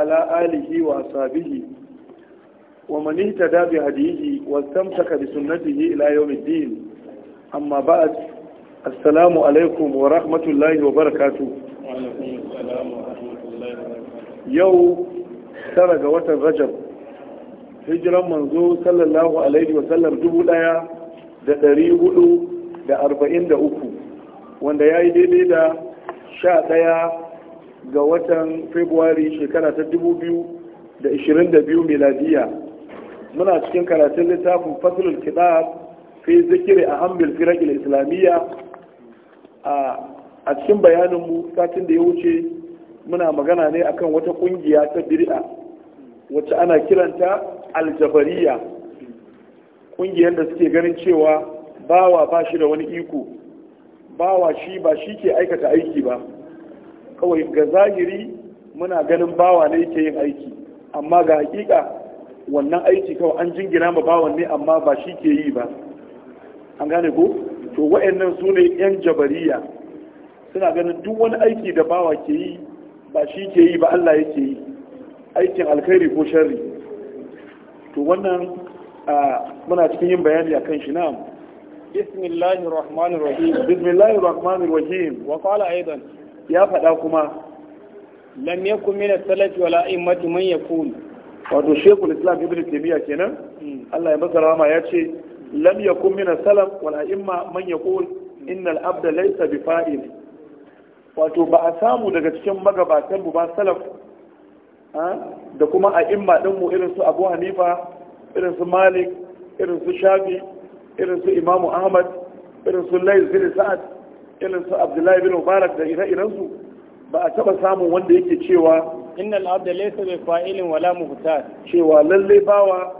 ala alihi wa sabihi wa mani ta dabi hadihi wa da bi sunnatihi ila yawmin din amma ba'd assalamu alaikum wa rahmatullahi wa barakatuh wa alaikum ga watan rajab hijran manzo sallallahu alaihi wa sallam dubu daya da dari hudu da arba'in da uku wanda ya yi daidai da sha daya ga watan februari shekara ta 2022 miladiya muna cikin karatun littafin fasulul kitab fi zikiri a hamil firakil islamiyya a cikin bayaninmu satin da ya wuce muna magana ne akan wata kungiya ta biri'a wacce ana kiranta aljabariya kungiyar da suke ganin cewa bawa ba shi da wani iko bawa shi ba shi ke aikata aiki ba kawai ga zahiri muna ganin bawa ne yake yin aiki amma ga hakika wannan aiki kawai an jingina ma bawan ne amma ba shi ke yi ba an gane ko to wa'annan su ne yan jabariya suna ganin duk wani aiki da bawa ke yi ba shi ke yi ba Allah yake yi aikin alkhairi ko sharri to wannan muna cikin yin bayani akan shi na'am بسم الله الرحمن الرحيم بسم الله الرحمن الرحيم وقال أيضا ya faɗa kuma lam yakun min as-salaf wala a'immati man yakun wato shekul islam ibnu taymiya kenan hmm. Allah ya masa rahama ya ce lam yakun min as-salaf wala a'imma man yakun innal abda laysa bi fa'il wato ba a samu daga cikin magabatan mu ba salaf da kuma a'imma din mu irin su Abu Hanifa irin su Malik irin su Shafi irin su Imam Ahmad irin su Layth bin Sa'ad irin su abdullahi bin mubarak da ire-irensu ba a taba samun wanda yake cewa innal abda laysa bi fa'ilin wala muhtar cewa lalle bawa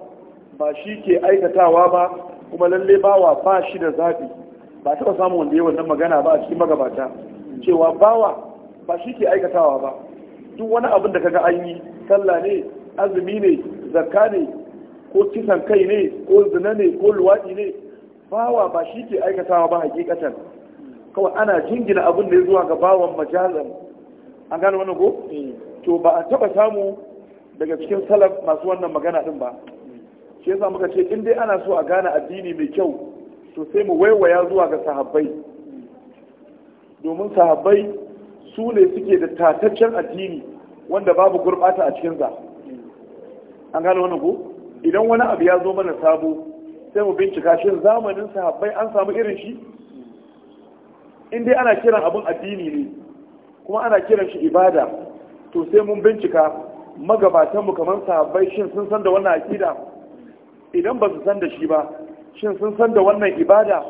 ba shi ke aikatawa ba kuma lalle bawa ba shi da zabi ba taba samun wanda yayi wannan magana ba a cikin magabata cewa bawa ba shi ke aikatawa ba duk wani abin da kaga an yi sallah ne azumi ne zakka ne ko kisan kai ne ko zina ne ko luwaɗi ne bawa ba shi ke aikatawa ba hakikatan kawai ana jingina abin da ya zuwa ga bawan an gane wani ko eh. to ba a taba samu daga cikin salaf masu wannan magana din ba shi yasa muka ce in dai ana so a gane addini mai kyau to sai mu waiwaya zuwa ga sahabbai domin sahabbai su ne suke da tataccen addini wanda babu gurbata a cikin za. an gane wani ko idan wani abu ya zo mana sabo sai mu bincika shin zamanin sahabbai an samu irin shi in dai ana kiran abun addini ne kuma ana kiran shi ibada to sai mun bincika magabatanmu kamar sahabbai shin sun san da wannan aƙida idan ba su san da shi ba shin sun san da wannan ibada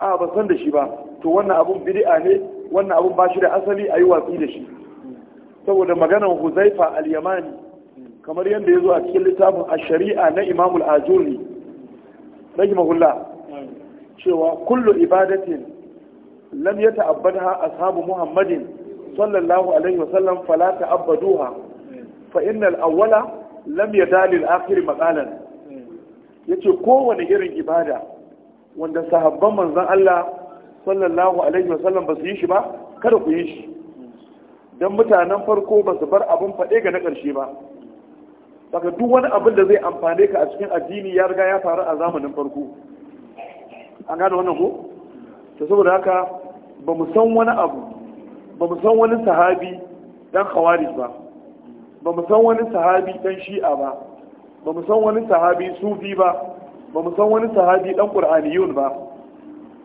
a ba san da shi ba to wannan abun bid'a ne wannan abun ba shi da asali a yi watsi da shi saboda maganar huzaifa al-yamani kamar yadda ya zo a cikin littafin a shari'a na imamul ajuri rahimahullah cewa kullu ibadatin lam ya ta'abbadha ashabu muhammadin sallallahu alaihi wasallam fala ta'abbaduha fa innal awwala lam yadali al-akhir maqalan yace kowane irin ibada wanda sahabban manzon Allah sallallahu alaihi ba su yi shi ba kada ku yi shi dan mutanen farko ba su bar abin faɗe ga na ƙarshe ba saka duk wani abin da zai amfane ka a cikin addini ya riga ya faru a zamanin farko an gane wannan ko to saboda haka ba mu san wani abu ba mu san wani sahabi dan khawarij ba ba mu san wani sahabi dan shi'a ba ba mu san wani sahabi sufi ba ba mu san wani sahabi dan qur'aniyun ba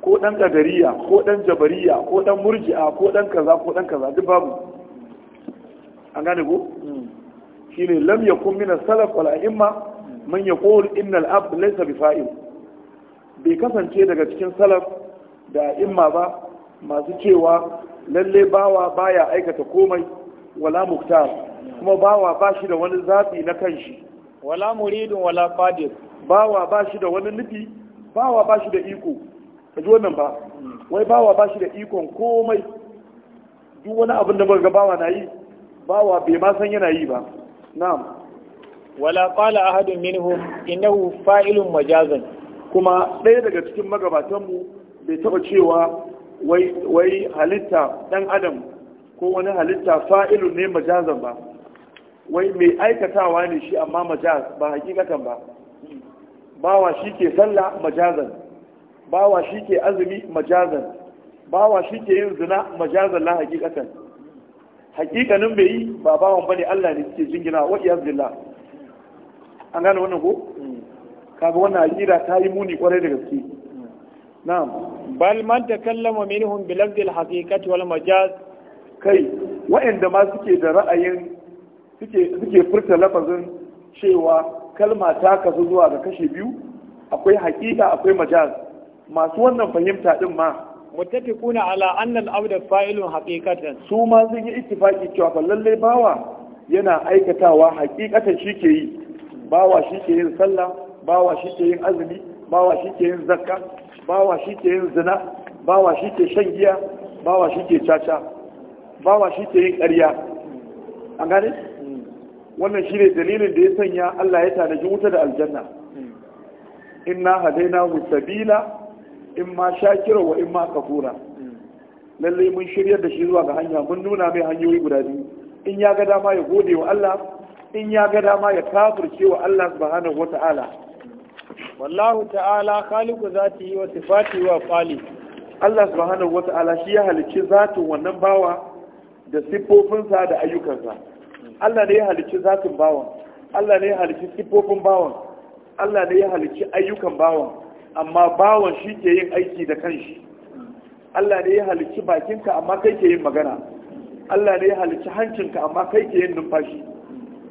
ko dan qadariya ko dan jabariya ko dan murji'a ko dan kaza ko dan kaza duk babu an gane ko hmm. shine lam yakun min as-salaf wal a'imma man yaqul innal abd laysa bi bai kasance daga cikin salaf da imma ba masu cewa lalle bawa baya aikata komai wala muktar kuma bawa ba shi da wani zaɓi na kanshi wala muridin wala qadir bawa ba shi da wani nufi bawa ba shi da iko a ji wannan ba wai bawa ba shi da ikon komai duk wani abin da ga bawa na yi bawa bai ma san yana yi ba na'am wala qala ahadun minhum innahu fa'ilun majazan kuma ɗaya daga cikin magabatanmu bai taba cewa wai halitta dan adam ko wani halitta fa'ilu ne majazan ba wai mai aikatawa ne shi amma majaz ba hakikatan ba bawa shi ke salla majazan bawa shi ke azumi majazan bawa shi ke yin zina majazan la hakikatan hakikanin bai yi ba bawan bane Allah ne suke jingina wa iya billah an gane wannan ko mm. kaga wannan hakira ta yi muni kwarai da gaske na'am bal man takallama minhum bi lafzi al-haqiqati kai wa'anda ma da ra'ayin suke furta lafazin cewa kalma ta zuwa ga kashe biyu akwai haƙiƙa akwai majaz masu wannan fahimta din ma muttafiquna ala anna al-abda fa'ilun haqiqatan su ma sun yi ittifaki cewa fa lalle bawa yana aikatawa haqiqatan shi ke yi bawa shi ke yin sallah bawa shi ke yin azumi bawa shi ke yin zakka bawa shi ke yin zina bawa shi ke shan giya bawa shi ke caca bawa shi ke yin ƙarya an gane wannan shi ne dalilin da ya sanya Allah ya tanaji wuta da aljanna inna hadaina mu sabila in ma shakira wa in ma kafura lalle mun shiryar da shi zuwa ga hanya mun nuna mai hanyoyi guda biyu in ya ga dama ya gode wa Allah in ya ga dama ya kafirce wa Allah subhanahu wata'ala wallahu ta'ala khaliqu zatihi wa sifatihi wa afali Allah subhanahu wa ta'ala shi ya halicci zatin wannan bawa da siffofinsa da ayyukansa Allah ne ya halicci zatin bawan Allah ne ya halicci siffofin bawan Allah ne ya halicci ayyukan bawan amma bawan shi ke yin aiki da kanshi Allah ne ya halicci bakinka amma kai ke yin magana Allah ne ya halicci hancinka amma kai ke yin numfashi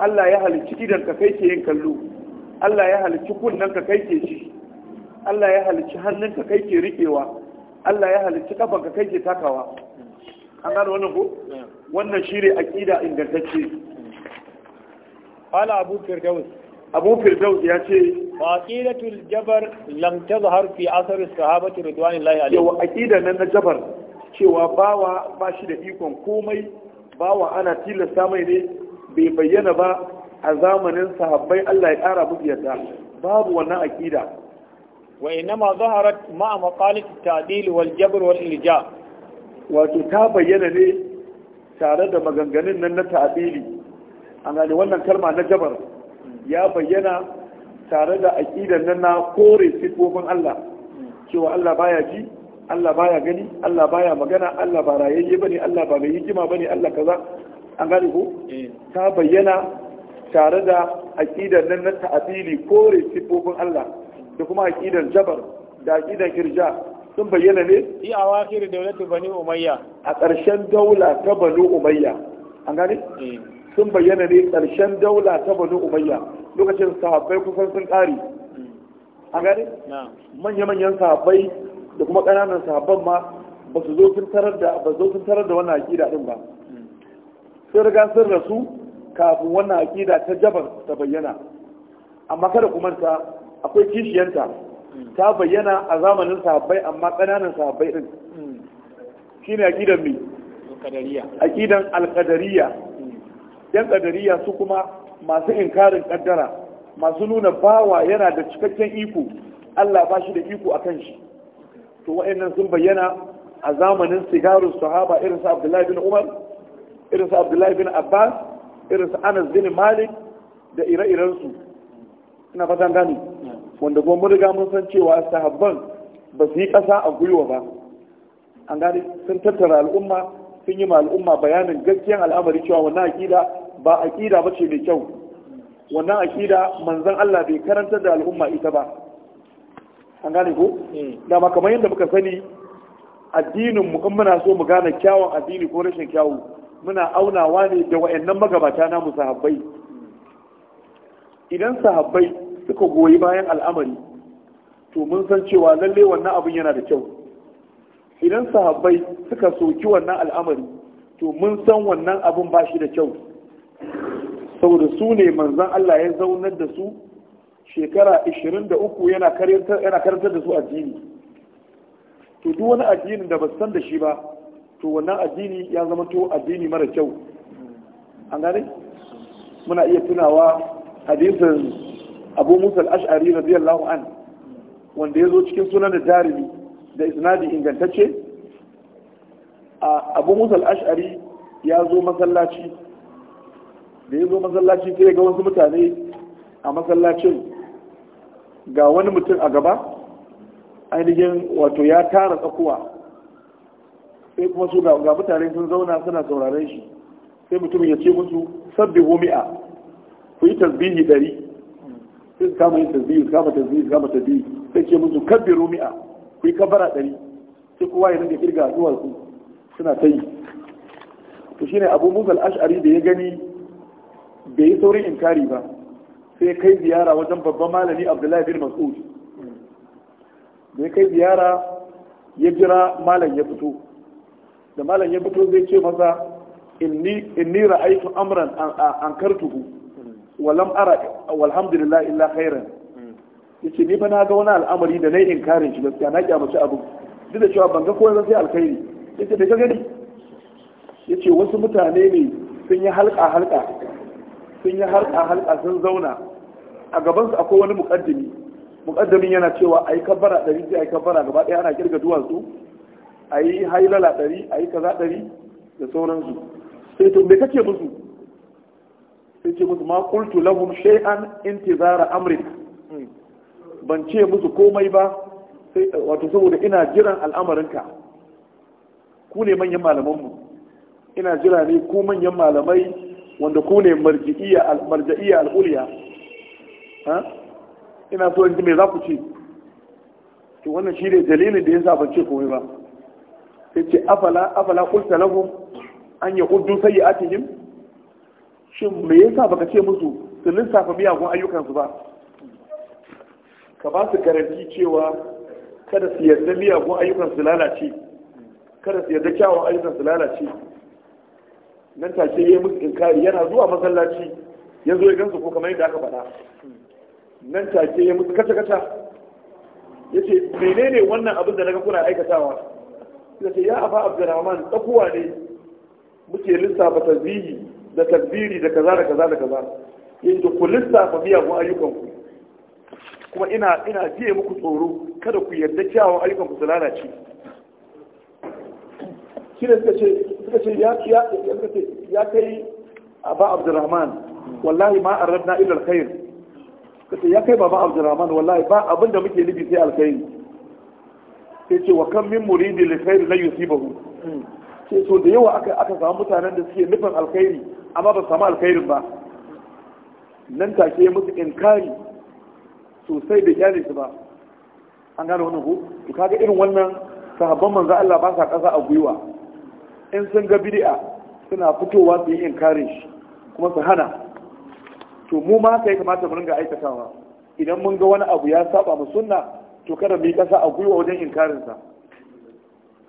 Allah ya halicci gidanka kai ke yin kallo Allah ya halicci kunnen ka kai ke ci Allah ya halicci hannun ka kai ke riƙewa. Allah ya halicci kafan ka kai ke takawa an gano wannan ko wannan shine aqida ingantacce qala abu firdaus abu firdaus ya ce aqidatul jabar lam tazhar fi athar sahabati ridwanillahi alaihim yawa aqida nan na jabar cewa bawa ba shi da ikon komai bawa ana tilasta mai ne bai bayyana ba a zamanin sahabbai Allah ya ƙara musu yarda babu wannan aƙida. wa inma zaharat ma maqalat at-ta'dil wal jabr wal ilja wato ta bayyana ne tare da maganganun nan na ta'dili an gane wannan kalma na jabar ya bayyana tare da aqidan nan na kore sifofin Allah cewa Allah baya ji Allah baya gani Allah baya magana Allah ba rayayye bane Allah ba mai hikima bane Allah kaza an gane ko eh. ta bayyana tare da aƙidar nan na ta'abili kore sifofin Allah da kuma aƙidar jabar da aƙidar Kirja sun bayyana ne fi awakhir dawlati bani umayya a ƙarshen daula ta bani umayya an gane eh. sun bayyana ne ƙarshen daula ta bani umayya lokacin sahabbai kusan sun ƙare an gane manya-manyan sahabbai da kuma ƙananan sahabban ma ba su zo sun tarar da ba zo tarar da wannan aƙida din ba hmm. sun riga sun rasu kafin wannan aƙida ta jabar ta bayyana amma kada kuma ta akwai kishiyanta ta bayyana a zamanin sahabbai amma ƙananan sahabbai din shine aƙidan mi aƙidan alƙadariya yan ƙadariya su kuma masu inkarin ƙaddara masu nuna bawa yana da cikakken iko Allah ba shi da iko akan shi to wa'annan sun bayyana a zamanin sigarun sahaba irin su Abdullahi bin Umar irin su Abdullahi bin Abbas irin su anas bin malik da ire-irensu ina fatan gani wanda kuma mun riga mun san cewa sahabban ba su yi ƙasa a gwiwa ba an gani sun tattara al'umma sun yi ma al'umma bayanin gaskiyan al'amari cewa wannan aƙida ba aƙida ba ce mai kyau wannan aƙida manzon Allah bai karantar da al'umma ita ba an gane ko hmm. da ma kamar yadda muka sani addinin mu in muna so mu gane kyawun addini ko rashin kyawu muna aunawa ne da wa'annan magabata namu sahabbai idan sahabbai suka goyi bayan al'amari to mun san cewa lalle wannan abin yana da kyau idan sahabbai suka soki wannan al'amari to mun san wannan abin ba shi da kyau saboda su ne manzan Allah ya zaunar da su shekara 23 yana karantar da su addini to duk wani addinin da ba san da shi ba to wannan addini ya zama to addini mara kyau an gane muna iya tunawa hadisin abu musa al-ash'ari radiyallahu an wanda ya zo cikin sunan da jarumi da isnadi ingantacce abu musa al-ash'ari ya zo masallaci da ya zo masallaci sai ga wasu mutane a masallacin ga wani mutum a gaba ainihin wato ya tara tsakuwa sai kuma su ga mutane sun zauna suna sauraren shi sai mutumin ya ce musu sabbi homi'a ku yi tasbihi dari sai su kama yin tasbihi su kama tasbihi su kama tasbihi sai ce musu kabbi romi'a ku yi kabara dari sai kowa ya rinka kirga zuwa su suna ta yi to shine abu musa al'ashari da ya gani bai yi saurin inkari ba sai kai ziyara wajen babban malami abdullahi bin mas'ud da ya kai ziyara ya jira malam ya fito da malam ya fito zai ce masa inni inni ra'aytu amran an kartuhu wa lam ara walhamdulillah illa khairan yace ni ba na ga wani al'amari da nayi inkarin shi gaskiya na kyamaci abu duk da cewa ban ga kowa sai alkhairi yace da ka gani yace wasu mutane ne sun yi halka halka sun yi halka halka sun zauna a gaban su akwai wani muqaddimi muqaddimin yana cewa ai kabbara ɗari sai ai kabbara gaba daya ana kirga duwatsu a yi hailala ɗari a yi kaza ɗari da sauransu sai to me kake musu sai ce musu ma kultu lahum shay'an intizara amrin ban ce musu komai ba sai wato saboda ina jiran al'amarinka ku ne manyan malamanmu ina jira ne ku manyan malamai wanda ku ne marja'iyya al'uliya ina so in ji me za ku ce to wannan shi ne dalilin da ya sa ban ce komai ba yace afala afala qulta lahum an yaquddu sayiatihim shin me yasa baka ce musu su lissafa miyagun ayyukansu ba ka ba su garanti cewa kada su yarda miyagun ayyukan su lalace kada su yarda kyawun ayyukan su lalace nan take yi musu inkari yana zuwa masallaci ya zo ya gansu ko kamar yadda aka faɗa nan take yi musu kaca-kaca yace menene wannan abin da naga kuna aikatawa suka ta ya afa abdurrahman tsakuwa ne muke lissafa tasbihi da tasbiri da kaza da kaza da kaza da ku lissafa miyagun ayyukanku kuma ina ina jiye muku tsoro kada ku yarda kyawun ayyukanku su lalace shi ne suka ce ya ya ya kai aba abdurrahman wallahi ma arabna ila alkhair suka ya kai baba abdurrahman wallahi ba abinda muke nufi sai alkhairi sai ce wa kan min muridi li khairi ba hu sai so da yawa aka aka samu mutanen da suke nufin alkhairi amma ba samu alkhairin ba nan take musu inkari sosai da kyale su ba an gane wannan ko to kaga irin wannan sahabban manzo Allah ba sa kasa a gwiwa in sun ga bid'a suna fitowa su yi inkarin shi kuma su hana to mu ma yi kamata mu ringa aikatawa idan mun ga wani abu ya saba mu sunna to kada mai kasa a gwiwa wajen inkarinsa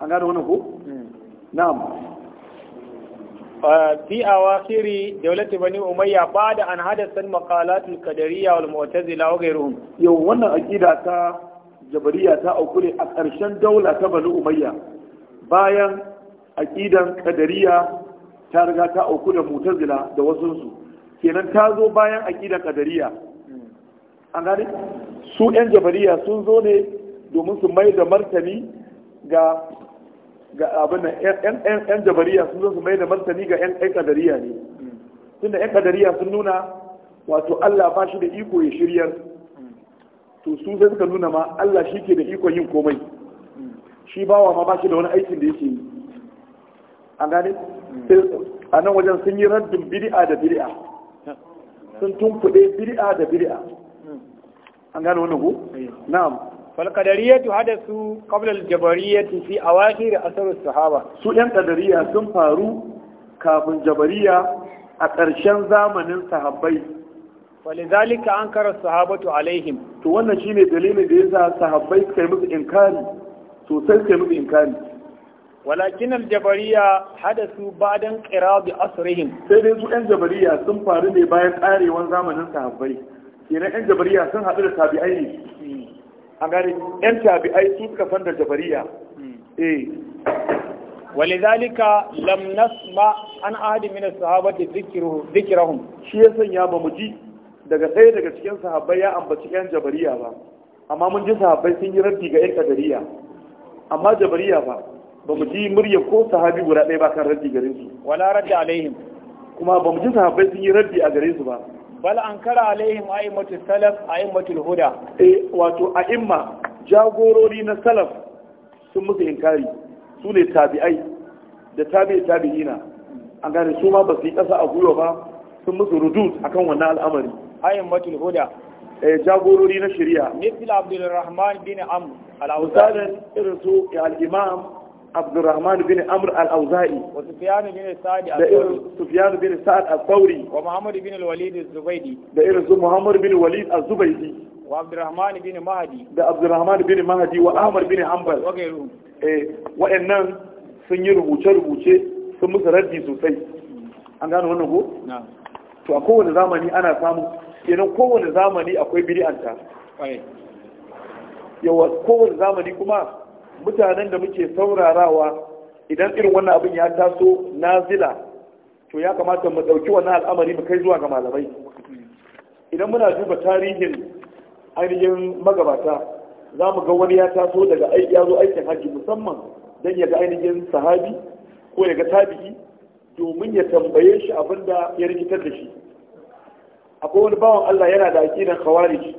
an gada wani ko hmm. na'am fi da dawlati bani umayya ba'da an hadasan al kadariya al-qadariyya wal mu'tazila wa yau wannan aqida ta jabariya ta aukure a ƙarshen daula ta bani umayya bayan aqidan kadariya ta riga ta aukure mu'tazila da su kenan ta zo bayan aqidan kadariya an gane su yan jabariya sun zo ne domin su mai da martani ga ga abin nan yan jabariya sun zo su mai da martani ga yan kadariya ne tunda yan kadariya sun nuna wato Allah ba shi da iko ya shiryar to su sai suka nuna ma Allah shi ke da iko yin komai shi bawa ma ba shi da wani aikin da yake yi an gane a nan wajen sun yi raddin bid'a da bid'a sun tunkuɗe bid'a da bid'a an gane wannan ku? Eh. na'am fal qadariyatu hadathu qabla al jabariyati fi awakhir asr sahaba su yan qadariya sun faru kafin jabariya a ƙarshen zamanin sahabbai walidhalika ankara sahabatu alaihim to wannan shine dalilin da yasa sahabbai suka yi musu inkari sosai suka musu inkari walakin aljabariya hadasu ba'dan qirab asrihim sai dai su ɗan jabariya sun faru ne bayan ƙarewar zamanin sahabbai kenan yan jabariya sun haɗu da tabi'ai ne an gane yan tabi'ai su suka san da jabariya hmm. eh walidhalika lam nasma an ahadi min as-sahabati dhikrahum shi ya sanya ba mu ji daga ɗaya daga cikin sahabbai ya ambaci yan jabariya ba amma mun ji sahabbai sun yi raddi ga yan kadariya amma jabariya ba ba mu ji murya ko sahabi guda ɗaya ba kan raddi gare su wala raddi alaihim kuma ba mu ji sahabbai sun yi raddi a gare su ba bal an kara alaihim a'immatu salaf a'immatu huda eh wato a'imma jagorori na salaf sun musu inkari su ne tabi'ai da tabi'i tabi'ina an gane su ma ba su yi ƙasa a guyo ba sun musu rudud akan wannan al'amari a'immatu huda eh jagorori na shari'a mithil abdul rahman bin am al-awzali irin su al-imam Abdurrahman bin Amr al-Auza'i wa Sufyan bin Sa'd al-Thawri Sufyan bin Sa'd al-Thawri wa Muhammad bin al-Walid da irin su Muhammad bin Walid az wa Abdurrahman bin Mahdi da Abdurrahman bin Mahdi wa Ahmad bin Hanbal wa eh, sun yi rubuce-rubuce sun musu raddi sosai an gano wannan ko to a kowane zamani ana samu kenan kowane zamani akwai bid'anta yawa kowane zamani kuma mutanen da muke saurarawa idan irin wannan abin ya taso nazila to ya kamata mu ɗauki wannan al'amari mu kai zuwa ga malamai idan muna duba tarihin ainihin magabata za mu ga wani ya taso daga ya zo aikin hajji musamman don ya ga ainihin sahabi ko ya ga tabi'i domin ya tambaye shi abin da ya rikitar da shi akwai wani bawan Allah yana da aƙidar khawarij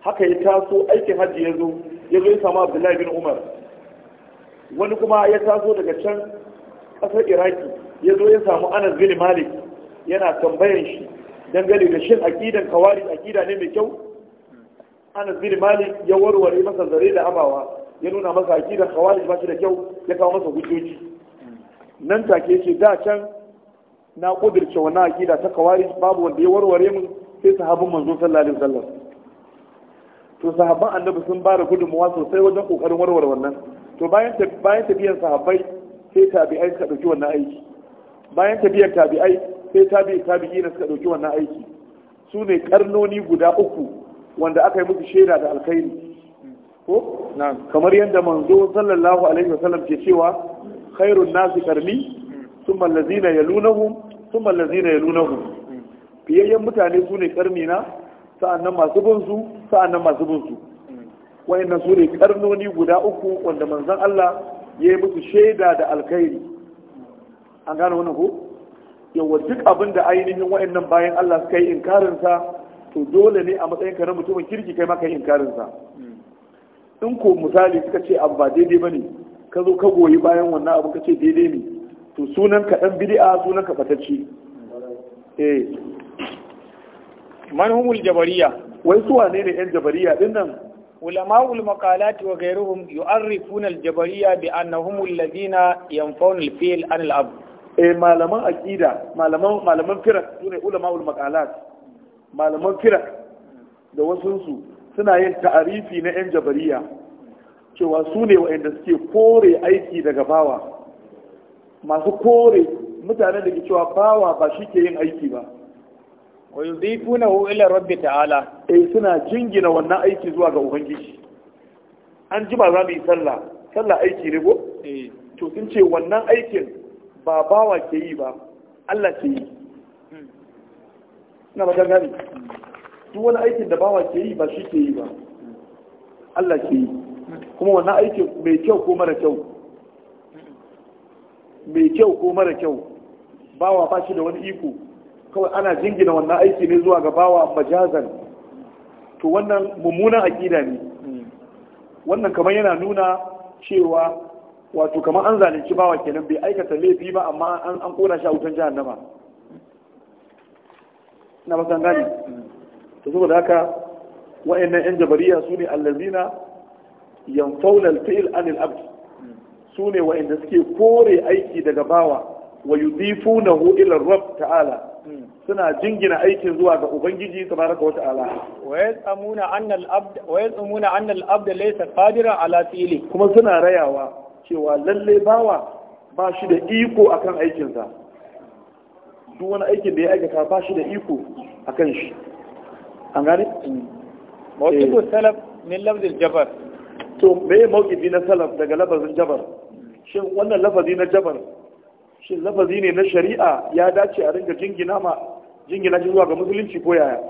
haka ya taso aikin hajji ya zo ya zo ya samu Abdullahi bin Umar wani kuma ya taso daga can ƙasar iraki ya zo ya samu anas bin malik yana tambayar shi dangane da shin akidan kawari akida ne mai kyau anas bin malik ya warware masa zare da abawa ya nuna masa akidan kawari ba shi da kyau ya kawo masa hujjoji nan take ce da can na kudirce wannan akida ta kawari babu wanda ya warware mu sai sahabban manzo sallallahu alaihi wasallam to sahabban annabi sun ba da gudunmawa sosai wajen kokarin warware wannan to bayan bayan tafiyar sahabbai sai tabi'ai suka dauki wannan aiki bayan tafiyar tabi'ai sai tabi'i tabi'i na suka dauki wannan aiki su ne karnoni guda uku wanda aka yi musu shaida da alkhairi ko kamar yadda manzo sallallahu alaihi wasallam ke cewa khairun nasi karni thumma allazina yalunahum thumma allazina yalunahum hmm. fiyayyen mutane su ne karni na sa'annan masu bin su sa'annan masu bin su wayannan su ne karnoni guda uku wanda manzon Allah ya yi musu shaida da alkhairi an gane wannan ko yawa duk abin da ainihin wayannan bayan Allah suka yi inkarin sa to dole ne a matsayin ka na mutumin kirki kai maka yin karin sa in ko misali suka ce abu ba daidai bane ka zo ka goyi bayan wannan abu ka ce daidai ne to sunan ka dan bid'a sunan ka fatacce eh man jabariya wai su wane ne yan jabariya din nan علماء المقالات وغيرهم يعرفون الجبرية بأنهم الذين ينفون an عن الأب إيه malaman aqida malaman malaman firak sune ulama'ul maqalat malaman firak da wasu su suna yin ta'arifi na yan jabariya cewa sune ne waɗanda suke kore aiki daga bawa masu kore mutanen da ke cewa bawa ba shi ke yin aiki ba wa yudifunahu ila rabbi ta'ala eh suna jingina wannan aiki zuwa ga ubangiji an ji ba za mu yi sallah sallah aiki ne ko eh to sun ce wannan aikin ba bawa ke yi ba Allah ke yi hmm. ina ba gani duk wani aikin da bawa ke yi ba shi ke yi ba Allah ke yi hmm. kuma wannan aiki mai kyau ko mara kyau hmm. mai kyau ko mara kyau bawa ba shi da wani iko kawai ana jingina wannan aiki ne zuwa ga bawa majazan to wannan mummunan aƙida ne wannan kamar yana nuna cewa wato kamar an zalunci bawa kenan bai aikata laifi ba amma an kona shi a wutan jahannama na basan gani to saboda haka wa'annan yan jabariya su ne allazina yan al fiil anil abd su ne wa'anda suke kore aiki daga bawa wa yudifuna na ila ta'ala suna jingina aikin zuwa ga ubangiji tabaraka wa ta'ala wa yaz'amuna anna al-abd wa yaz'amuna anna al-abd laysa ala fi'li kuma suna rayawa cewa lalle bawa ba shi da iko akan aikinsa duk wani aikin da ya aikata ba shi da iko akan shi an gane mawqifu eh. salaf min lafzil jabar to me mawqifi na salaf daga lafazin jabar shin wannan lafazi na jabar shin lafazi ne na shari'a ya dace a ringa jingina ma jingina shi zuwa ga musulunci ko yaya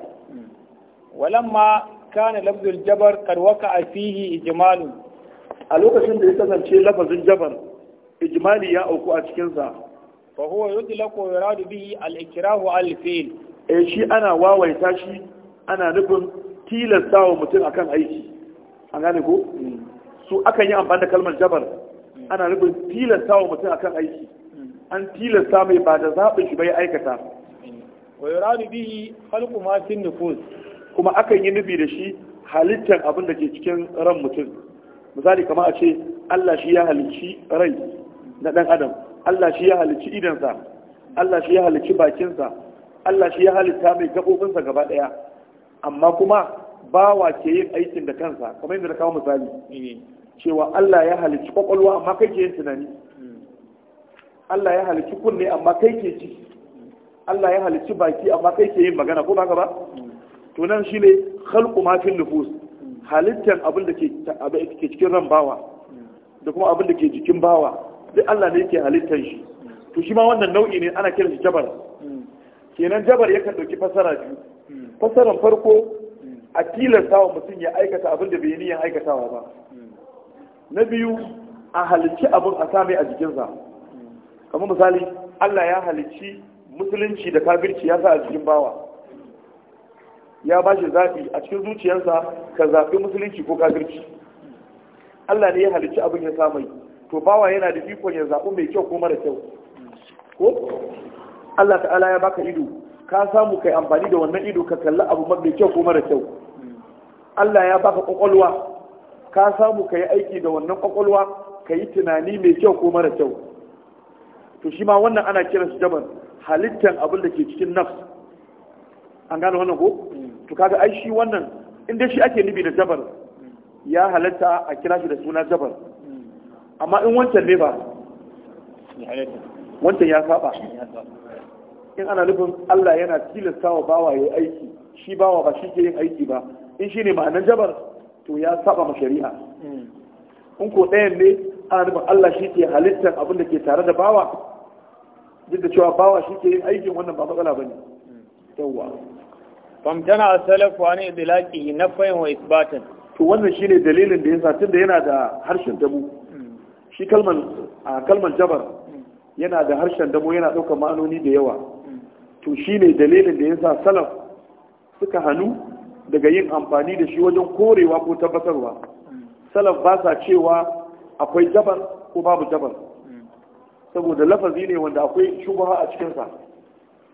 walamma kana lafzul jabar kad waka fihi ijmalun a lokacin da ya kasance lafazin jabar ijmali ya auku a cikin sa fa huwa yudlaqu wa yuradu bihi al-ikrahu al-fi'l eh shi ana wawaita shi ana nufin tilasta wa mutum akan aiki an gane ko mm. su akan yi amfani da kalmar jabar mm. ana nufin tilasta wa mutum akan aiki mm. an tilasta mai ba da zaɓin shi bai aikata wa yuradu bihi khalqu ma fi nufus kuma akan yi nufi da shi halittar abin da ke cikin ran mutum misali kamar a ce Allah shi ya halicci rai na dan adam Allah shi ya halicci idansa Allah shi ya halicci bakinsa Allah shi ya halitta mai gabobinsa gaba daya amma kuma bawa ke yin aikin da kansa kamar yadda na kawo misali cewa Allah ya halicci kwakwalwa amma kai ke yin tunani mm. Allah ya halicci kunne amma kai ke ci Allah ya halicci baki amma kai ke yin magana ko ba ka ba to nan shine khalqu ma fil nufus halittan abin da ke ke cikin ran bawa da kuma abin da ke jikin bawa duk Allah ne yake halittan shi to shi ma wannan nau'i ne ana kiran shi jabar kenan jabar yakan dauki fasara biyu fasaran farko a tilasta wa mutum ya aikata abin da bai niyan aikatawa ba na biyu a halicci abin a same a jikinsa kamar misali Allah ya halicci musulunci da kafirci ya sa a cikin bawa ya ba shi zaɓi a cikin zuciyarsa ka zaɓi musulunci ko kafirci Allah ne ya halicci abin ya samai to bawa yana da ikon ya zaɓi mai kyau ko mara kyau ko Allah ta'ala ya baka ido ka samu kai amfani da wannan ido ka kalli abu mai kyau ko mara kyau Allah ya baka kwakwalwa ka samu ka yi aiki da wannan kwakwalwa ka yi tunani mai kyau ko mara kyau to shi ma wannan ana kiran jaban halittan abin da ke cikin nafs an gane wannan ko to kaga ai shi wannan in dai shi ake nubi da jabar ya halitta a kira shi da suna jabar amma in wancan ne ba wancan ya saba in ana nufin Allah yana tilasta wa bawa ya aiki shi bawa ba shi ke yin aiki ba in shi ne ma'anar jabar to ya saba ma shari'a hmm. in ko ɗayan ne ana nufin Allah shi ke halittar abin da ke tare da bawa duk da cewa bawa shi ke yin aikin wannan ba matsala ba ne yauwa famtana salafu idilaki na fayin wa isbatan to wannan shi ne dalilin da yasa tunda yana da harshen dabu. shi kalman kalman jabar yana da harshen dabu, yana ɗaukar ma'anoni da yawa to ne dalilin da yasa salaf suka hannu daga yin amfani da shi wajen korewa ko tabbatarwa salaf ba sa cewa akwai jabar ko babu jabar saboda lafazi ne wanda akwai shubaha a cikinsa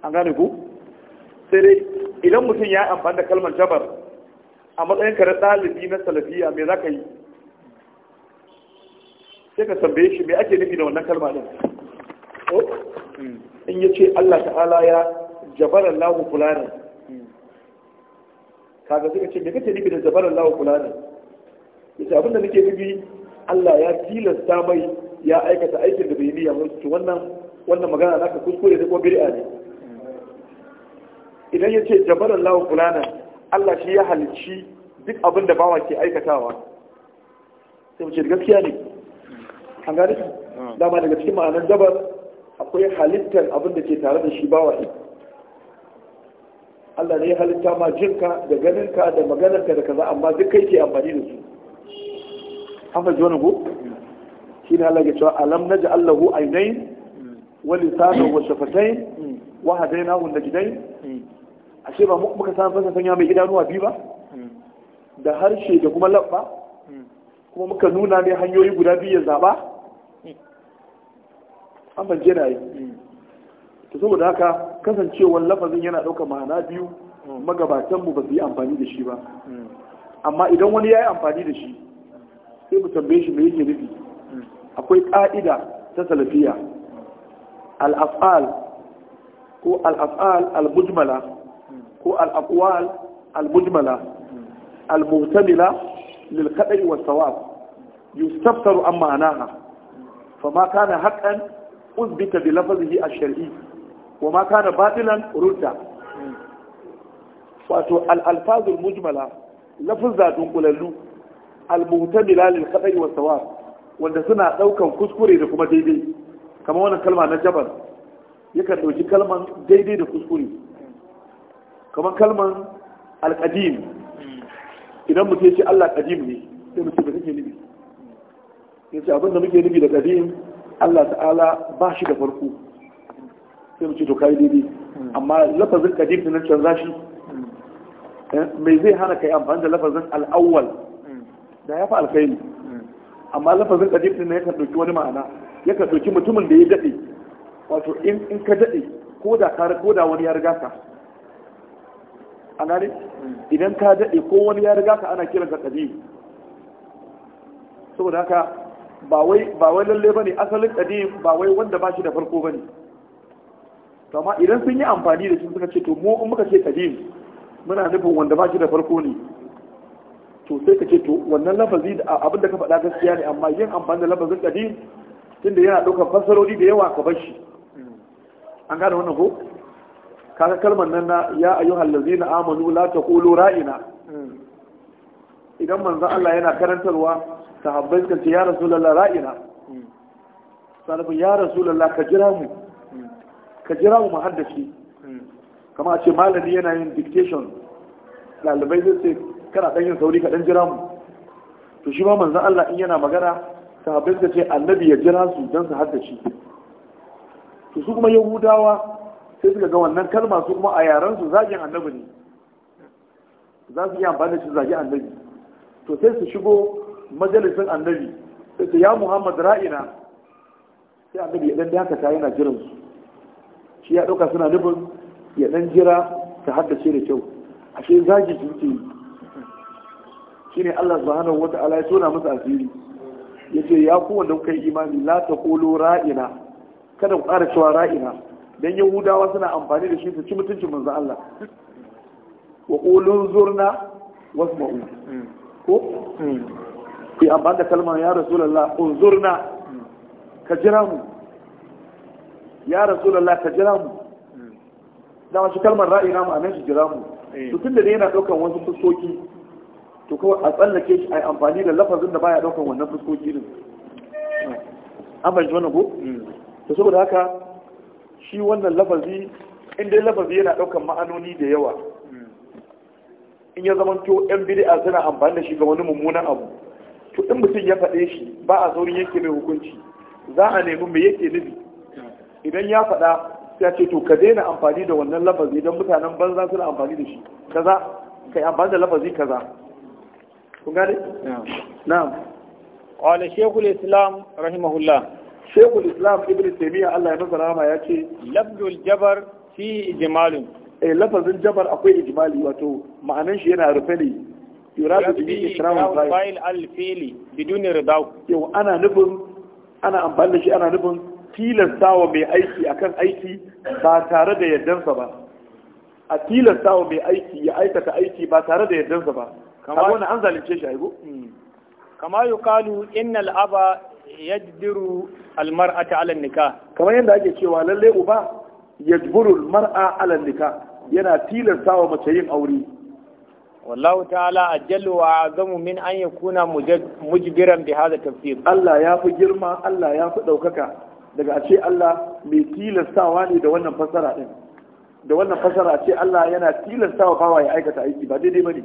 an gane ku sai dai idan mutum ya amfani da kalmar jabar a matsayin ka na ɗalibi na salafiya mai za ka yi sai ka tambaye shi me ake nufi da wannan kalma ɗin in ya ce Allah ta'ala ya jabaran lahu fulani kaga suka ce me kake nufi da jabaran lahu fulani yace abinda nake nufi Allah ya tilasta mai ya aikata aikin salafiya to wannan wannan magana naka kuskure ne ko bid'a ne idan yace jabara lahu fulana Allah shi ya halicci duk abin da bawa ke aikatawa sai mu ce gaskiya ne an gane hmm. dama daga cikin ma'anar jabar akwai halittar abin da ke tare da shi bawa ne Allah ne ya halitta ma jinka da ganinka da maganarka da kaza amma duk kai ke amfani da su an fahimci wani ko shi ne Allah ya cewa alam naji Allahu ainain wa lisanan wa na wa gidai, a ashe ba muka san fasa sanya mai idanuwa biyu ba da harshe da kuma labba kuma muka nuna ne hanyoyi guda biyu ya zaba an ban jera yi Ta saboda haka kasancewar lafazin yana ɗaukar ma'ana biyu magabatanmu ba su yi amfani da shi ba amma idan wani ya yi amfani da shi sai mu tambaye shi me yake nufi akwai ka'ida ta salafiya al'af'al ko al'af'al al-mujmala ko al'afwal al-mujmala al-mutamila lil kadai wa sawab yustaftaru an ma'anaha fama kana haqqan uzbita bi lafzihi ash-shar'i wa ma kana batilan rudda wato al-alfazul mujmala lafzatun kulallu al-mutamila lil kadai wa sawab wanda suna ɗaukan kuskure da kuma daidai kama wannan kalma na jabal yakan ɗauki kalman daidai da kuskure kama kalman alƙadim idan mutu ya ce Allah kadim ne sai mutum da kake nufi ya ce abinda muke nubi da kadim Allah ta'ala ba shi da farko sai mu ce to kai daidai amma lafazin kadim ɗin nan canza shi eh, mai zai hana kai amfani da lafazin al'awwal da ya fi alkhairi amma lafazin qadim din ne yakan dauki wani ma'ana yakan dauki mutumin da ya daɗe, wato in in ka daɗe ko da ka ko da wani ya riga ka A gane idan ka daɗe ko wani ya riga ka ana kiran kiransa qadim saboda haka ba wai ba wai lalle bane asalin qadim ba wai wanda ba shi da farko bane to amma idan sun yi amfani da shi suka ce to mu in muka ce qadim muna nufin wanda ba shi da farko ne to sai ka ce to wannan lafazi abin da ka faɗa gaskiya ne amma yin amfani da lafazin tun tunda yana ɗaukar fassarori da yawa ka bar shi an gane wannan ko kaga kalmar nan na ya ayyuhal ladzina amanu la taqulu ra'ina idan manzon Allah yana karantarwa sahabbai suka ce ya lalla ra'ina sahabbai ya lalla ka jira mu ka jira mu muhaddisi kama a ce malami yana yin dictation ɗalibai zai kana dan yin sauri ka dan jira mu to shi ma manzon Allah in yana magana sahabbai ta ce annabi ya jira su dan su haddace to su kuma yahudawa sai suka ga wannan kalma su kuma a yaran su zagin annabi ne za su yi amfani da shi zagi annabi to sai su shigo majalisin annabi sai su ya muhammad ra'ina sai annabi ya dan dakata yana jiran su shi ya ɗauka suna nufin ya dan jira ta haddace da kyau ashe zagi su yi. shine Allah subhanahu wata'ala ya tona musu asiri yace ya ku wanda kuka yi imani la taqulu ra'ina kada ku ƙara cewa ra'ina dan yahudawa suna amfani da shi su ci mutuncin manzon Allah wa qulun zurna wasma'u ko ku amfani da kalmar ya rasulullah unzurna ka jira mu ya rasulullah ka jira mu da wasu kalmar ra'ina ma'anar shi jira mu eh. tun da ne yana ɗaukar wasu fuskoki to kawai a tsallake shi a yi amfani da lafazin da baya daukan wannan fuskoki din an fahimci wannan ko mm. to saboda haka shi wannan lafazi in dai lafazi yana daukan ma'anoni da yawa mm. in ya zama to yan bid'a suna amfani da shi ga wani mummunan abu to in mutum ya faɗe shi ba a saurin yake mai hukunci za a nemi me yake nufi mm. idan ya faɗa ya ce to ka daina amfani da wannan lafazi don mutanen banza suna amfani da shi kaza Ka yi amfani da lafazi kaza kun gane na'am qala shaykhul islam rahimahullah shaykhul islam ibn taymiya Allah ya masa rahama ya ce labdul jabar fi ijmalun eh lafazin jabar akwai ijmali wato ma'anan shi yana rufe ne yuradu bi ikramul fa'il al fili biduni ridaw yau ana nufin ana amfani da shi ana nufin tilasta wa mai aiki akan aiki ba tare da yardansa ba a tilasta wa mai aiki ya aikata aiki ba tare da yardansa ba kamar wannan an zalince shi aigo hmm. kama yuqalu innal ya jidiru almar'a ta ala nika kamar yadda ake cewa lalle uba ya al mar'a ala nika yana tilasta wa mace yin aure wallahu ta'ala ajallu wa azamu min an yakuna mujbiran bi hadha tafsir Allah ya fi girma Allah ya fi daukaka daga ce Allah mai tilastawa ne da wannan fasara din da wannan fasara ce Allah yana tilastawa bawa ya aikata aiki ba daidai bane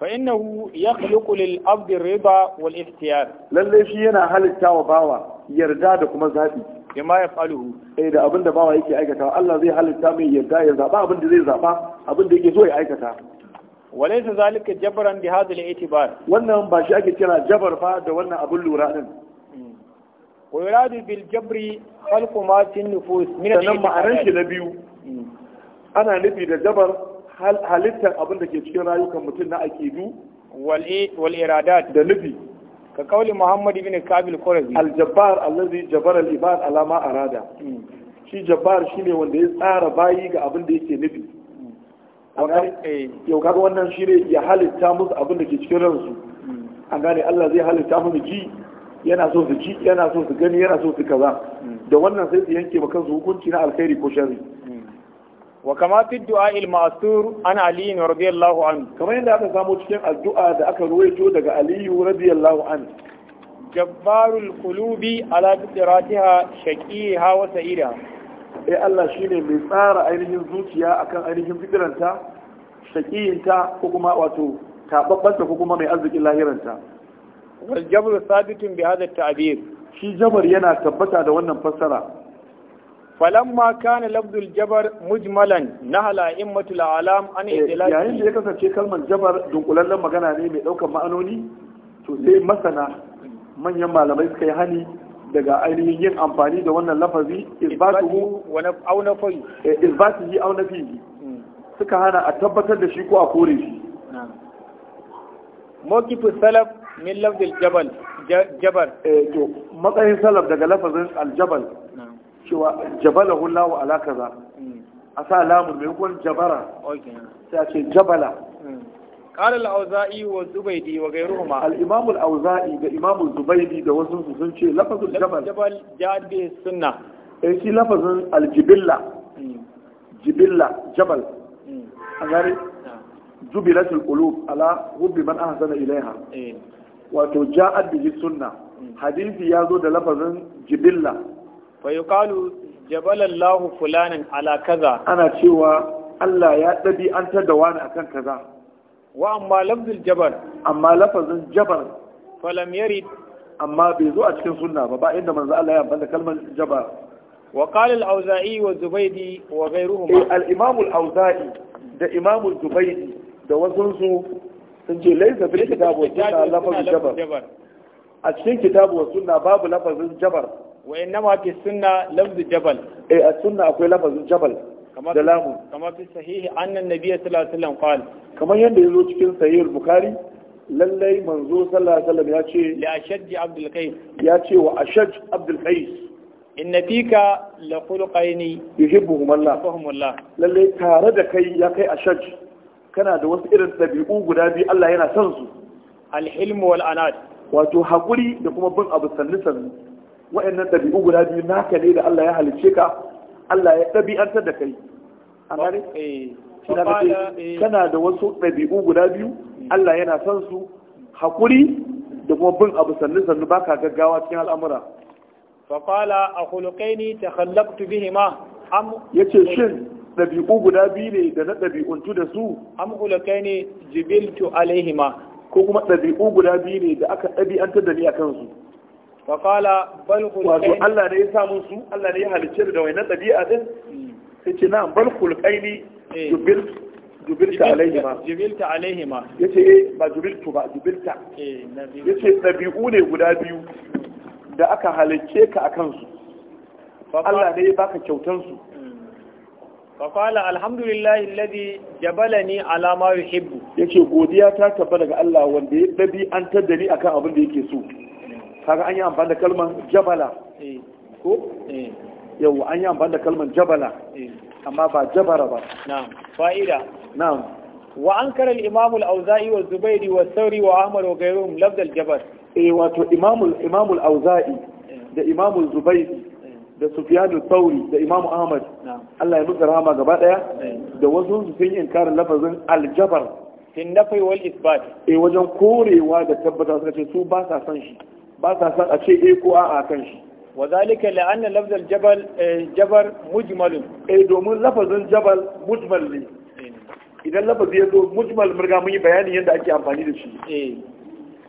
Fa'innahu فإنه يخلق للأبد الرضا والاختيار للي شي ينا هلتا وباوا يرجع دكما زابي بما يفعله اي da abin da bawa yake aikata Allah zai halitta mai yarda ya zaba abin da zai zaba abin da yake so ya aikata walaysa zalika jabran bi hadha al-i'tibar wannan ba shi ake kira jabar fa da wannan abin lura din hmm. wa yuradu bil jabri khalqu ma fi nufus ma'anar shi na biyu hmm. ana nufi da jabar halittar abin da ke cikin rayukan mutum na aƙidu wal iradat da nufi ka kauli muhammad ibn kabil qurazi al jabbar allazi jabara al ibad ala ma arada hmm. shi jabbar shine wanda ya tsara bayi ga abin da yake nufi hmm. eh. yau kaga wannan shi ne ya halitta musu abin da ke cikin ransu hmm. an gane Allah zai halitta musu ji yana so su ji, yana so su gani yana so su kaza da wannan sai su yanke ma kansu hukunci na alkhairi ko shari'a. wa kama fi du'a il an ali radiyallahu anhu kamar yadda aka samu cikin addu'a da aka ruwaito daga aliyu radiyallahu anhu jabbarul Kulubi ala fitratiha shaqiha wa sa'ida eh Allah shine mai tsara ainihin zuciya akan ainihin fitranta shaqiyinta ko kuma wato tababbanta ko kuma mai arzikin lahiranta wal jabru sabitun bi hadha at shi jabar yana tabbata da wannan fassara falamma kana labdul jabar mujmalan nahala immatul alam an idlal yayin da ya kasance kalmar jabar dunkulallen magana ne mai daukar ma'anoni to sai masana manyan malamai suka yi hani daga ainihin yin amfani da wannan lafazi isbatuhu wa au nafi isbatuhu au nafi suka hana a tabbatar da shi ko a kore shi mawkifu salaf min lafzil jabal jabar to matsayin salaf daga lafazin aljabal cewa jabala hullahu ala kaza a sa lamun mai kun jabara sai a ce jabala قال الأوزائي والزبيدي وغيرهما الإمام الأوزائي والإمام الزبيدي ده وزن سنشي لفظ الجبل جبل جاد به السنة إيش لفظ الجبلة جبلة جبل أغاري جبلت القلوب على حب من أحسن إليها وتجاءت به السنة حديث يازو ده لفظ جبلة fa yuqalu jabalallahu fulanan ala kaza ana cewa Allah ya dabi an da wani akan kaza wa amma lafzul jabal amma lafazin jabal falam amma bai zo a cikin sunna ba ba inda manzo Allah ya banda kalmar jabal وقال الأوزائي والزبيدي وغيرهما الإمام الأوزائي ده إمام الزبيدي ده وزنسو سنجي ليس في الكتاب والسنة لفظ الجبر أتشين كتاب والسنة babu لفظ الجبر wa innama fi sunna lafzu jabal eh a sunna akwai lafazin jabal da lamu kama fi sahihi annan nabiyyi sallallahu alaihi wasallam qala kamar yadda yazo cikin sahih bukhari lallai manzo sallallahu alaihi wasallam ya ce li ashaddi abdul qais ya ce wa ashaddi abdul qais inna fika la khuluqaini yuhibbuhum Allah Allah lallai tare da kai ya kai ashaddi kana da wasu irin tabi'u guda biyu Allah yana son su alhilmu wal anad wato hakuri da kuma bin abu sannu sannu wa'annan ɗabi'u guda biyu naka ne da Allah ya halicce ka Allah ya ɗabi'antar da kai a gane eh, eh. kana da wasu ɗabi'u guda biyu Allah yana son su hakuri da kuma bin abu sannu sannu baka gaggawa cikin al'amura faqala akhluqaini takhallaqtu bihima am yace shin ɗabi'u guda biyu ne da na ɗabi'untu da su am khuluqaini jibiltu alaihima ko kuma ɗabi'u guda biyu ne da aka ɗabi'antar da ni a kansu faƙala balkul wato Allah ne ya samu su Allah ne ya halicce da wainan ɗabi'a din sai ce na balkul ƙaini eh. jubilta alaihima jubilta alaihima ya ce eh, ba jubiltu ba jubilta eh, ya ce ɗabi'u ne guda biyu da aka halicce ka a kansu Allah ne ya baka kyautan su. الحمد لله الذي Jabalani على ما يحب yake godiya ta tabbata daga Allah wanda ya dabi an tadani akan abin da yake so kaga an yi amfani da kalman jabala eh. ko eh. yau an yi amfani da kalman jabala eh. amma ba jabara ba na'am fa'ida na'am wa ankara al-imam auzai wa zubairi wa sauri wa ahmad wa ghayruhum lafz jabar eh wato Imamul imam auzai da Imamul al-zubairi da sufyan al da imam ahmad Allah ya musu rahama gaba daya da wasu su sun yi inkarin lafazin al-jabar tin nafai wal isbat eh wajen korewa da tabbata suka ce su ba sa son shi ba sa san a ce eh ko a'a kan shi wa zalika la'anna lafzal jabal eh, jabar mujmal eh domin lafazin jabal mujmal ne eh. idan lafazi ya zo mujmal murga mun yi bayanin yadda ake amfani da shi eh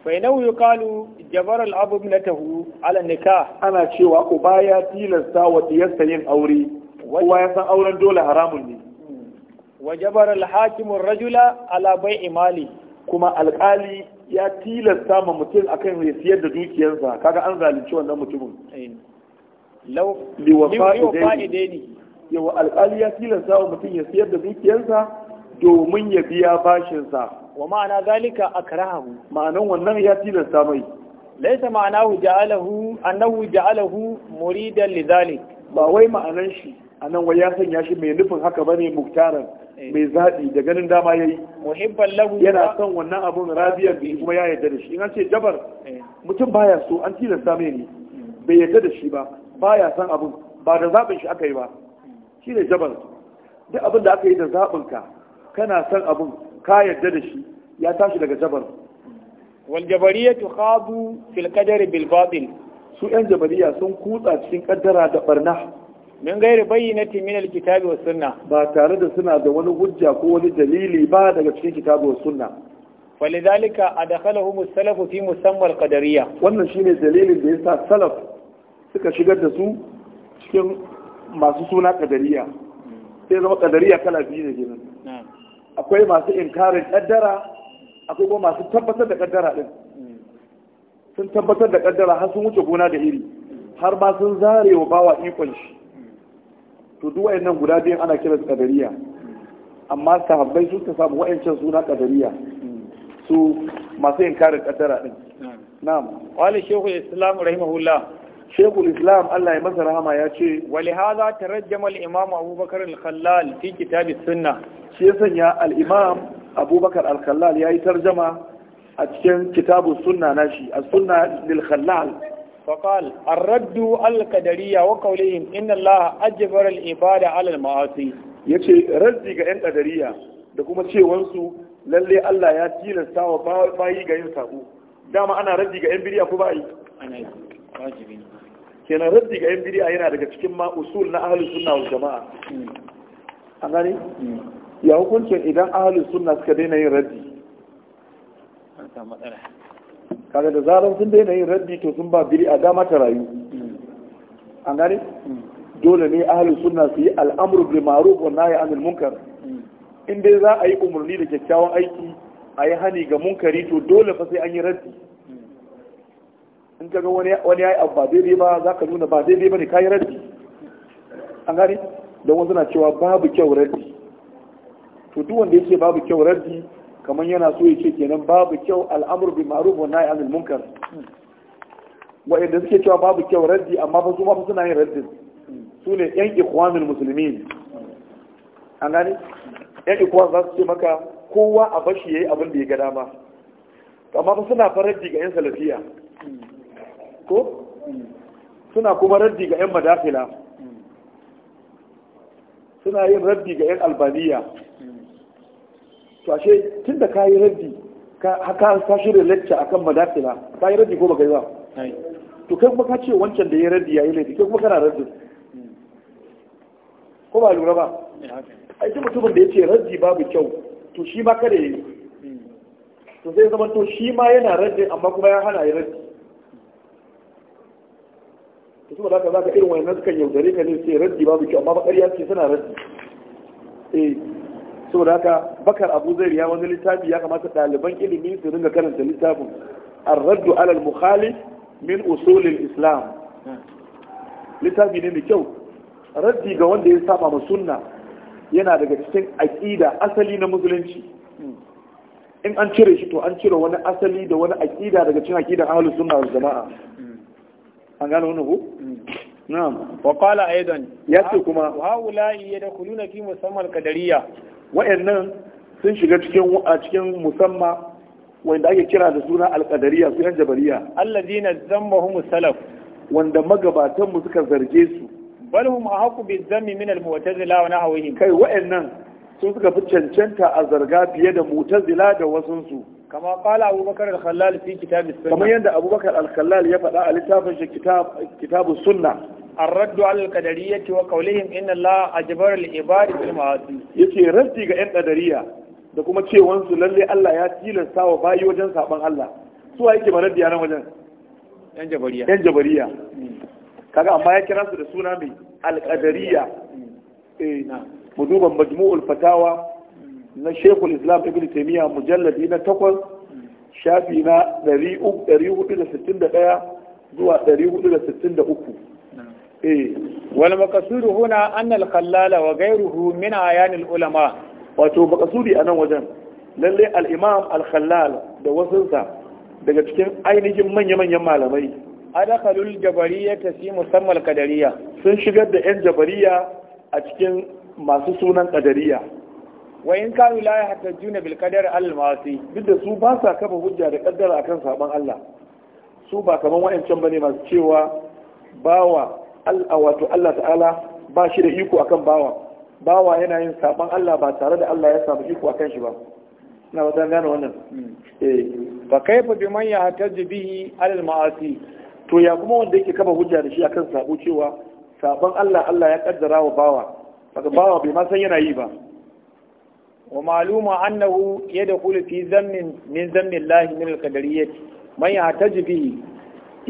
fa inau yuqalu jabara al-abu ibnatahu ala nikah ana cewa uba ya tilasta wa diyarsa yin aure kowa ya san auren dole haramun ne hmm. wa jabara al-hakimu ar-rajula ala bai'i mali kuma alƙali ya tilasta ma mutum akan ya siyar da dukiyarsa kaga an zalunci wannan mutumin yawa alƙali ya tilasta wa mutum ya siyar da dukiyarsa domin ya biya bashinsa wa ma'ana zalika a karahu ma'anan wannan ya tilasta mai laisa ma'anahu ja'alahu annahu ja'alahu muridan lidhalik ba wai ma'anan shi anan wai ya sanya shi mai nufin haka bane muktaran mai zaɓi da ganin dama yayi yi. yana son wannan abun radiyar bi kuma ya yarda da shi in an ce jabar eh. mutum baya so an tilasta mai ne bai yarda da shi ba baya son abun ba da zaɓin shi aka yi ba shi ne jabar duk abin da aka yi da zaɓin ka kana son abun ka yarda da shi ya tashi daga jabar wal jabariya tukhadu fil qadari bil batil su yan jabariya sun kutsa cikin kaddara da barna min gairi bayyinati min alkitabi was sunna ba tare da suna da wani hujja ko wani dalili ba daga cikin kitabi was sunna falidhalika adkhalahum as-salaf fi musamma al-qadariyya wannan shine dalilin da yasa salaf suka shigar da su cikin masu suna kadariya. sai zama kala biyu ne kenan akwai masu inkarin kaddara akwai kuma masu tabbatar da kaddara din sun tabbatar da kaddara har sun wuce gona da iri har ma sun zare wa bawa ikon to duk wayannan guda biyan ana kira su kadariya amma sahabbai su ta samu wayancan suna kadariya su masu yin karin kadara din na'am wali shehu islam rahimahullah shehu islam Allah ya masa rahama ya ce wali hadha tarajjama al-imam abubakar al-khallal fi kitab sunna? shi ya sanya al-imam abubakar al-khallal yi tarjama a cikin kitabu sunna nashi as-sunna lil khallal فقال الرد القدريه وقولهم ان الله اجبر العباد على المعاصي يتي رد ga 'yan kadariya da kuma su lalle Allah ya tilasta wa bayi ga yin sabo dama ana raddi ga 'yan biriya ko bayi kenan raddi ga 'yan biriya yana daga cikin ma usul na ahlus sunna wal jama'a an gani ya hukuncin idan ahlus sunna suka daina yin raddi an samu matsala kaga da zarar sun daina yin raddi to sun ba biri a dama ta rayu an gane dole ne ahlus sunna su yi al'amru bil ma'ruf wa nahy anil munkar in dai za a yi umarni da kyakkyawan aiki a yi hani ga munkari to dole fa sai an yi raddi in kaga wani wani yayi abu ba daidai ba za ka nuna ba daidai ba ne ka yi raddi an gane don wasu na cewa babu kyau raddi to duk wanda yake babu kyau raddi kamar yana so ya ce kenan babu kyau al'amur bi ma'ruf wa nahy anil munkar wa'inda suke cewa babu kyau raddi amma ba su ma suna yin raddin su ne yan ikhwanul muslimin an gane yan ikhwan za su ce maka kowa a bashi yayi abin da ya ga dama amma ba suna fa raddi ga yan salafiya ko suna kuma raddi ga yan madafila suna yin raddi ga yan albaniya ashe tun da kayi raddi ka ka da lecture akan madakila kayi raddi ko baka yi ba to kai kuma ka ce wancan da ya raddi yayi laifi kai kuma kana raddi ko ba lura ba eh, ai duk mutumin da ce raddi babu kyau to shi ma kada yi hmm. to zai zama to shi ma yana raddi amma kuma ya hana yi raddi to saboda haka zaka irin wayannan sukan yaudare ka ne sai raddi babu kyau amma ba ƙarya ce suna raddi eh saboda haka bakar abu zai ya wani littafi ya kamata ɗaliban ilimi su ringa karanta littafin ar-raddu alal muhali min usulil islam littafi ne mai kyau raddi ga wanda ya saba ma sunna yana daga cikin aƙida asali na musulunci in an cire shi to an cire wani asali da wani aƙida daga cikin aƙidan ahlus sunna wal jama'a an gano wannan ko na'am wa qala aidan ya ce kuma wa haula yadkhuluna fi musammal qadariyya wa'annan sun shiga cikin a cikin musamma wanda ake kira da suna alƙadariya su yan jabariya alladina zammahum salaf wanda magabatan mu suka zarge su bal hum ahqu bi zammi min al-mu'tazila wa nahwihim kai wa'annan sun suka fi cancanta a zarga fiye da mu'tazila da wasunsu kama qala abubakar al-khallal fi kitab sunnah kamar yadda abubakar al-khallal ya faɗa a littafin shi kitab kitab sunnah الرد على القدرية وقولهم إن الله أجبر العباد بالمعاصي يكي ردي ga قدرية da kuma cewansu lalle Allah ya tilasta wa bayi wajen saban Allah su wa yake marar diyanan wajen yan jabariya yan jabariya kaga amma ya kira su da suna mai alqadariya eh na mu duba majmu'ul fatawa na Sheikhul Islam Ibn Taymiyyah mujalladi na 8 shafi na 461 zuwa 463 Eh, wal makasuru huna annal khallala wa ghayruhu min ayanil ulama wato a anan wajen lalle alimam al khalal da wasunsa daga cikin ainihin manya-manyan malamai adakhalul jabariya ta fi musamman kadariya sun shigar da 'yan jabariya a cikin masu sunan kadariya wa in kanu la juna bil qadar al masi duk da su ba sa kafa hujja da kaddara akan saban Allah su ba kaman wayancan bane masu cewa bawa wato Allah ta'ala ba shi da iko akan bawa bawa yana yin saban Allah ba tare da Allah ya samu iko akan shi ba Ina wata gane wannan hmm. eh fa kaifa bi man yahtaji bihi alal ma'asi to ya kuma wanda yake kaba hujja da shi akan sabo cewa saban Allah Allah ya kaddara wa bawa kaga bawa bai ma san yana yi ba wa maluma annahu yadkhulu fi dhannin min dhanni Allah min al-qadariyyah man yahtaji bihi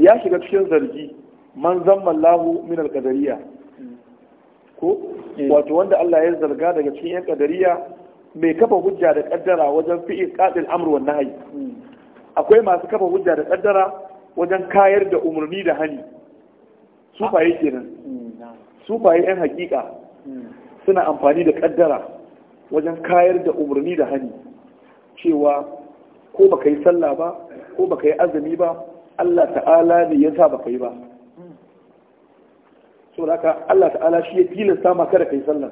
ya shiga cikin zargi man zamman lahu min alkadariya ko eh. wato wanda Allah ya zarga daga cikin yan kadariya mai kafa hujja da kaddara wajen fi'il qadil amr wa nahy hmm. akwai masu kafa hujja da kaddara wajen kayar da umarni da hani sufaye su hmm, sufaye yan hakika hmm. suna amfani da kaddara wajen kayar da umarni da hani cewa ko baka yi sallah ba ko baka yi azumi ba Allah ta'ala ne ya sa baka yi ba to haka Allah ta'ala shi ya tilasta ma kada kai sallah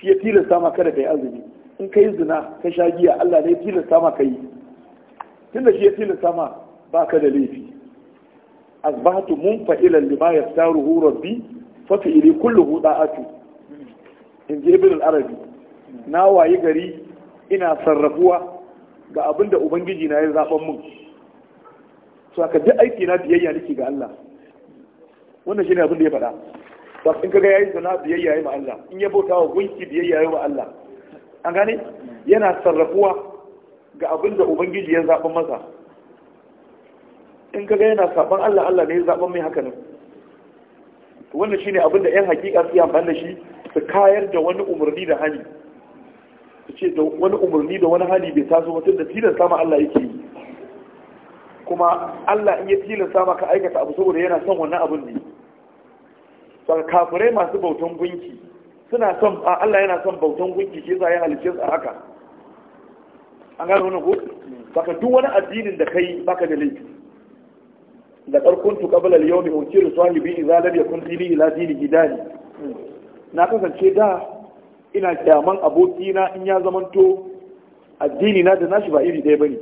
shi ya tilasta ma kada kai azumi in kai zina ka sha giya Allah ne ya tilasta ma kai tunda shi ya tilasta ma ka da laifi asbahtu munfa'ilan lima yastaruhu rabbi fa fi fi'li kullu da'atu in ji ibn al-arabi na wayi gari ina sarrafuwa ga abinda ubangiji na ya zaban mun so aka duk aiki na biyayya nake ga Allah wannan shine abin da ya faɗa ba in kaga yayi zina biyayya yayi ma Allah in ya bauta wa gunki biyayya yayi ma Allah an gane yana sarrafuwa ga abin da ubangiji ya zaɓa masa in kaga yana saban Allah Allah ne ya zaɓa mai haka nan wannan shine abin da 'yan hakika su yi amfani da shi su kayar da wani umarni da hali su ce da wani umarni da wani hali bai taso mutum da tilasta sama Allah yake yi kuma Allah in ya sama ka aikata abu saboda yana son wannan abin ne saka kafirai masu bautan gunki suna son Allah yana son bautan gunki shi yasa ya halice su haka an gano wannan ko saka duk wani addinin da kai baka da laifi da karkun tu qabla al-yawm ukiru sahibi idza lam yakun dini ila dini gidani na kasance da ina kyaman abokina in ya zamanto addini na da nashi ba iri daya bane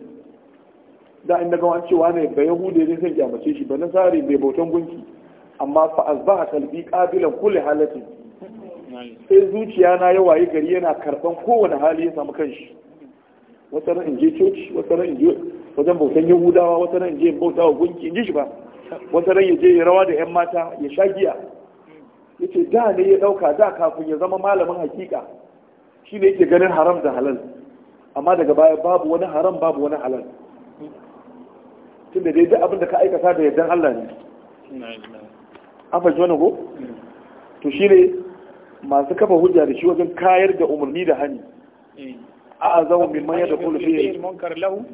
da in ga wani cewa ne ba yahude ne san kyamace shi ba na sare bai bautan gunki amma fa a kalbi kabilan kulle halatin sai zuciya na yawa wayi gari yana karban kowane hali ya samu kanshi wata ran in coci wata ran in wajen bautan yahudawa wata ran in bauta wa gunki in shi ba wata ran ya ya rawa da yan mata ya sha giya yace da ne ya dauka da kafin ya zama malamin hakika shi ne yake ganin haram da halal amma daga baya babu wani haram babu wani halal tunda dai duk abin da ka aikata da yardan Allah ne an fahimci wannan ko mm. to shi ne masu kafa hujja da shi wajen kayar da umarni da hani mm. a azamu min manya da kullu fi munkar lahu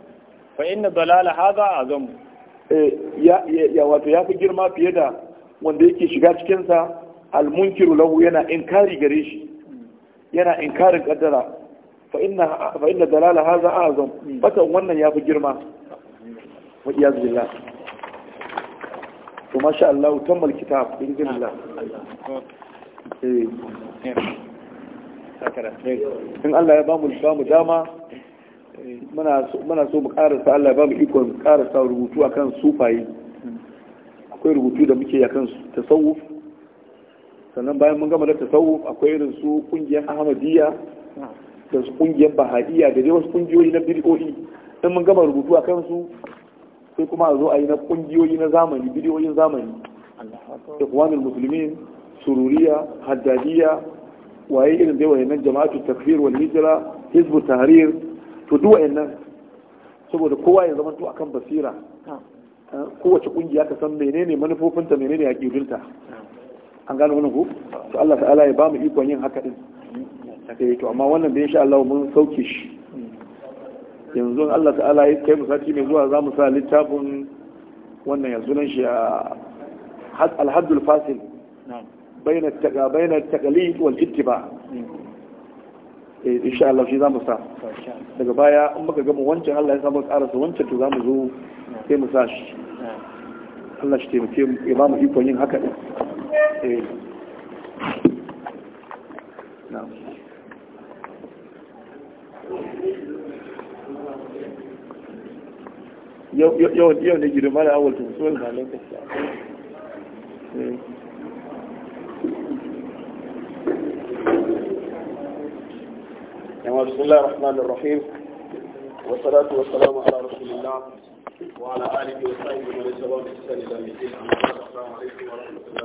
fa inna dalala hadha azamu eh, ya wato ya fi girma fiye da wanda yake shiga cikin sa al munkiru lahu yana inkari gare shi mm. yana inkarin kaddara fa inna fa inna dalala hadha azam fatan wannan ya fi girma wa iyaz billah to masha Allah tammal kitab bi Allah. Eh. in Allah ya ba mu mu dama muna so mu karasa Allah ya ba mu ikon karasa rubutu akan sufaye akwai rubutu da muke akan tasawuf sannan bayan mun gama da tasawuf akwai irin su kungiyar ahmadiyya da su kungiyar bahadiyya da dai wasu kungiyoyi na bid'o'i in mun gama rubutu a su sai kuma a zo a yi na kungiyoyi na zamani bidiyoyin zamani ikwanul musulmin sururiya haddadiya waye irin dai wayannan jama'atu takfir wal hijra hizbu tahrir to duk wayannan saboda kowa ya zama to akan basira eh, kowace kungiya ka san menene manufofinta menene hakikinta an gano wannan ko to Allah ta'ala ya ba mu ikon yin haka din eh, to amma wannan da insha Allah mun sauke shi yanzu Allah ta'ala ya kai mu sati mai zuwa za mu sa littafin wannan yanzu nan shi a ah, alhaddul fasil bayan taga bayan taqalid wal ittiba eh insha Allah shi za mu sa daga baya in muka gama wancan Allah ya samu karasa wancan to za mu zo sai mu sa shi Allah shi taimake mu ya ba mu ikon yin haka eh na'am يو بسم الله الرحمن الرحيم والصلاة والسلام على رسول الله وعلى آله وصحبه ومن سبب السلام عليكم ورحمة الله